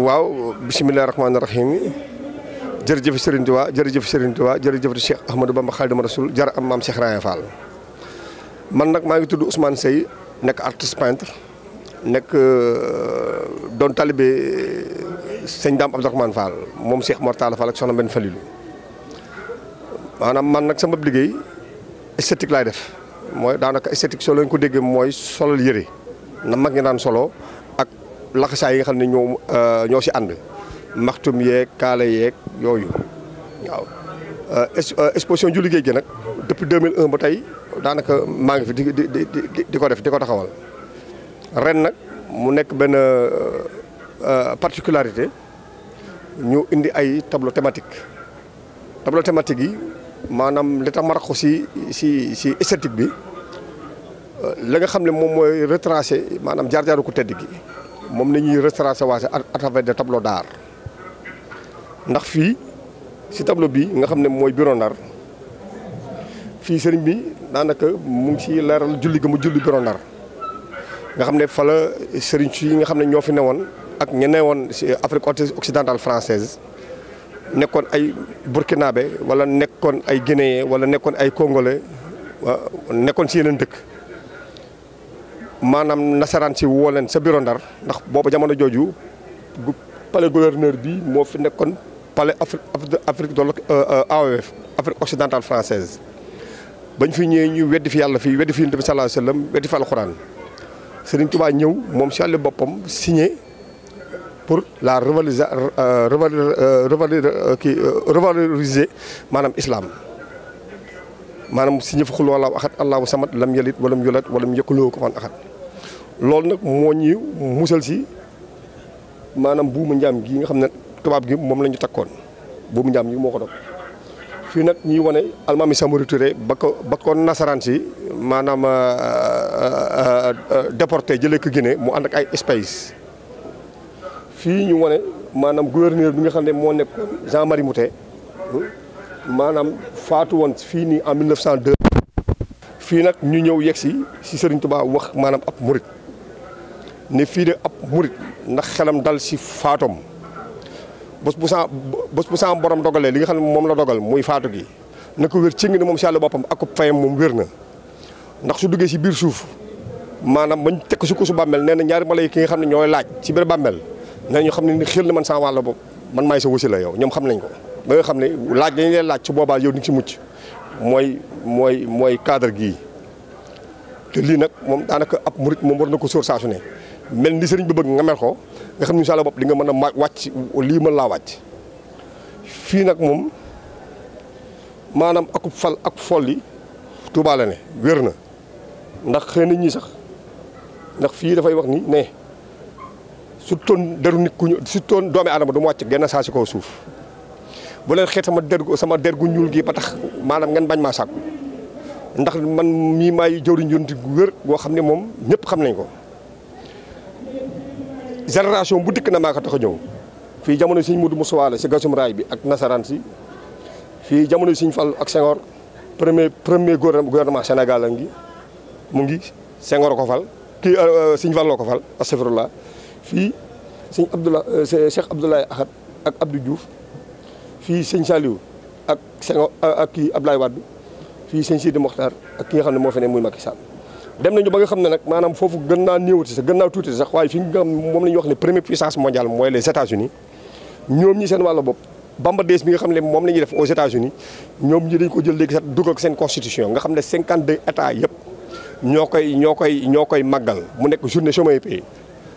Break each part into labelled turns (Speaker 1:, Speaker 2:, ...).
Speaker 1: waaw bisimilah rahmaani rahiim jërëjëf Serigne Touba jërëjëf Serigne Touba jërëjëf Cheikh Ahmadou Bamba Khadimou Rassoul jar am maam Cheikh Raye Fall man nag maa ngi tudd Ousmane Seye nekk artiste peintre nekk euh, doon talibé sëñ Dame Abdourahmane Fall moom Cheikh Mortala Fall ak soxna benn Falilou maanaam man nag sama liggéey esthétique laay def mooy daanaka esthétique soo leen ko déggee mooy solal yëre na mag ñi daan solo. laxasaay yi nga xam ne ñoo euh, ñoo si ànd maxtum yeeg kaala yeeg yooyu waaw euh, euh, exposition julli géej gi nag depuis 2001 ba tey daanaka maa ngi fi di di di ko def di ko daxawal ren nag mu nekk benn particularité ñu indi ay tableau thématique tableau thématique yi maanaam li tax ma raxu si si si esthétique bi la nga xam ne moom mooy retracé maanaam jaar-jaaru ku tedd gi moom la ñuy retracer waase à travers des tableaux ndax fii si tableau bi nga xam ne mooy Biro Ndar fii sëriñ bi daanaka mu ngi si leeral julli ga mu julli Biro Ndar nga xam ne fa sëriñ si nga xam ne ñoo fi newoon ak ña newoon si Afrique occidentale française nekkoon ay burkinabé wala nekkoon ay guinéen wala nekkoon ay congolais nekkoon si yeneen dëkk. maanaam nasaraan si woo sa bureau ndar ndax booba jamono jooju gu palais bi moo fi nekkoon palais Afrique de l'AOF euh, euh, Afrique occidentale française bañ fi ñëwee ñu weddi fi yàlla fii weddi fi Yonent bi sallallahu alayhi wasallam weddi fi alxuraan Sëriñ Tuubaa ñëw moom si àll boppam signé pour la revaloriser euh, revaloriser maanaam islam. maanaam si ñëf xul wala axat allahu samad lam yalit wala yulat walam yëkkuloo ko fan axat loolu nag moo ñu musal si maanaam buumu njaam gi nga xam ne tubaab gi moom lañu ñu takkoon buumu njaam gi moo ko dog fii nag ñuy wane almaami Samori Touré ba ko ba ko nasaraan si maanaam euh, euh, euh, déporté jëlee ko Guinée mu ànd ak ay espace fii ñu wane maanaam gouverneur bi nga xam ne moo nekkoon Jean Marie Moutet maanaam faatu woon fii nii en 1902. fii nag ñu ñëw yegg si si Serigne Touba wax maanaam ab murit ne fii de ab murit ndax xelam dal si faatoom bés bu sa bés bu sa borom dogalee li nga xam ne moom la dogal muy faatu gi na ko wér ci ngi ne moom si yàlla boppam ak fayam moom wér na ndax su duggee si biir suuf maanaam bañ teg ko su kusu bàmmeel nee na ñaari mala yi ki nga xam ne ñooy laaj si biir bàmmeel nee ñu xam ne ni xel na man sa wàll boobu man maay sa wasila la yow ñoom xam nañ ko ba nga xam ne laaj dañu leen laaj su boobaa yow ni ci mucc mooy mooy mooy cadre gii te lii nag moom daanaka ab murit moom war na ko sóor saa ne mel ni sëriñ bi bëgg nga mel ko nga xam ni incha allah bopp di nga mën a wàcc lii mën laa wàcc fii nag moom maanaam akub fal ak fol yi la ne wér na ndax xëy na ñii sax ndax fii dafay wax ni ne su toon deru nit ku ñu su toon doomi aadama du ma wàcc genn saa ko suuf bu leen xeet sama der sama der gu ñuul gi ba tax maanaam ngeen bañ maa sàkku ndax man mii maay jëwriñ yonti gu wér goo xam ne moom ñëpp xam nañ ko génération bu dikk na maa ko tax a ñëw fii jamono Sëñ Modou Moussa la si gasum raay bi ak nasaraan si fii jamono Sëñ Fall ak Senghor premier premier gouvernement Sénégal a ngi mu ngi Senghor ko fal kii euh, euh, Sëñ Fall ko fal astafirullah fii Sëñ Abdoulaye euh, Cheikh Abdoulaye Ahad ak Abdou Diouf fii Sëñ Saliou ak Senghor ak kii Abdoulaye Wade fii sëñ Sidi Mokhtar ak ki nga xam ne moo fi ne muy Macky Sall dem nañu ba nga xam ne nag maanaam foofu gën naa néewati sax gën naa tuuti sax waaye fi nga xam moom la ñuy wax ne première puissance mondiale mooy les États-Unis ñoom ñi seen ne moom la ñuy def aux États-Unis ñoom ñi dañ ko jël léegi sax dugal seen constitution nga xam ne 52 états yëpp ñoo koy ñoo koy ñoo koy màggal mu nekk journée chômage pays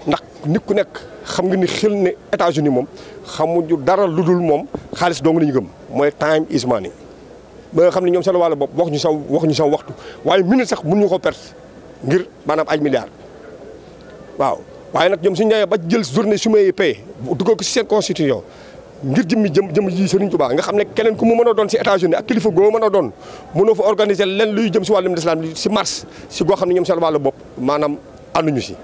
Speaker 1: ndax nit ku nekk xam nga ni xil ne États-Unis moom xamuñu dara lu dul moom xaalis dong la ñu gëm mooy time is money ba nga xam ne ñoom seen wàllu bopp wax ñu sam wax ñu sam waxtu waaye minute sax mënuñu ko perte ngir maanaam ay milliards waaw waaye nag ñoom suñu demee ba jël journée su may paye dugal ko si seen constitution ngir jëmmi jëm jëm ji Serigne Touba nga xam ne keneen ku mu mën a doon si États-Unis ak kilifa goo mën a doon mënoo fa organiser leen luy jëm si wàllum lislaam si mars si goo xam ne ñoom seen wàllu bopp maanaam ñu si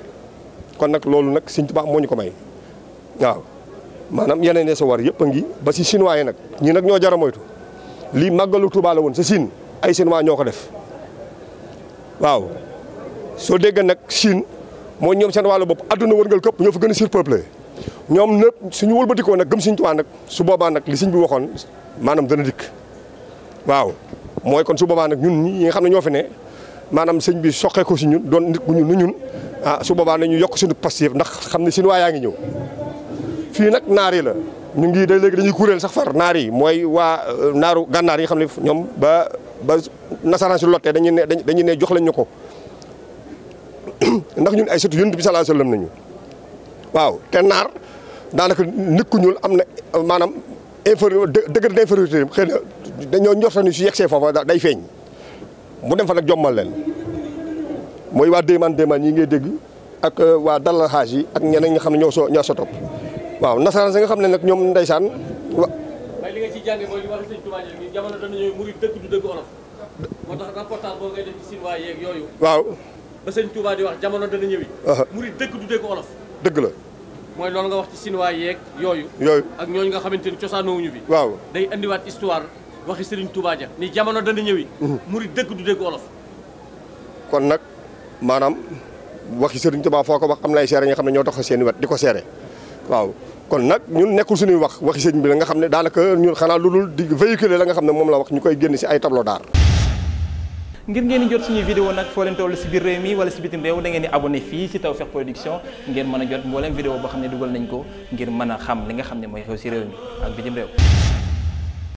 Speaker 1: kon nag loolu nag Serigne Touba moo ñu ko may waaw yeneen ne yëpp a ba si chinois yi nag ñii nag ñoo jar a moytu lii màggalu Touba la woon sa Chine ay Chinois ñoo ko def waaw soo dégg nag Chine mooy ñoom seen wàllu bopp àdduna wërngal këpp ñoo fa gën a surpeuplé ñoom nëpp suñu wëlbatikoo nag gëm Sëñ Tuubaa nag su boobaa nag li sëñ bi waxoon maanaam dana dikk waaw mooy kon su boobaa nag ñun nga xam ne ñoo fi ne maanaam sëñ bi soqee si ñun doon nit ku ñun nu ñun ah su yokk suñu pas yëpp ndax xam ne waa yaa ngi ñëw fii nag naari la ñu ngi day léegi dañuy kuréel sax far naar yi mooy waa euh, naaru gànnaar yi nga xam ne ñoom ba ba nasaraan si lottee dañuy ne dañuy ne jox lañ ñu ko ndax ñun ay sëtu yonent bi sallallahu alayhi wasallam nañu waaw te naar daanaka nit ñuul am na maanaam inférieur degré d'infériorité xëy na dañoo njortani su yegsee foofa day feeñ mu dem fa nag jommal leen mooy waa déemaan déemaan yi ngay dégg ak euh, waa dalal xaaj yi ak ñeneen ñi xam ne ñoo soo so topp waaw nasaraan si nga xam ne nag ñoom ndeysaan wa. waaye li dëgg du dëgg olof. waaw ba sëñ di wax jamono dana ñëwi. Uh-huh. murid dëgg du dëgg dëgg la. mooy loolu nga wax ci sinwaa yeeg yooyu. yooyu ak ñooñu nga xamante ni cosaanoowuñu bi. waaw day andiwaat histoire waxi Serigne Touba ja ni jamono dana ñëwi. Uh-huh. murid dëgg du dëgg olof. kon nag maanaam waxi Serigne Touba foo ko wax am na ay seere xam ne ñoo tax seen wet di ko seere waaw kon nag ñun nekkul suñuy wax waxi sëñ bi la nga xam ne daanaka ñun xanaa lu dul di véhiculer la nga xam ne moom la wax ñu koy génn si ay tableau d'art ngir ngeen di jot suñuy vidéo nag foo leen toll si biir réew mi wala ci bitim réew da ngeen di abonné fii ci Tawfekh Production ngeen mën a jot mbooleem vidéo boo xam ne dugal nañ ko ngir mën a xam li nga xam ne mooy xew ci réew mi ak bitim réew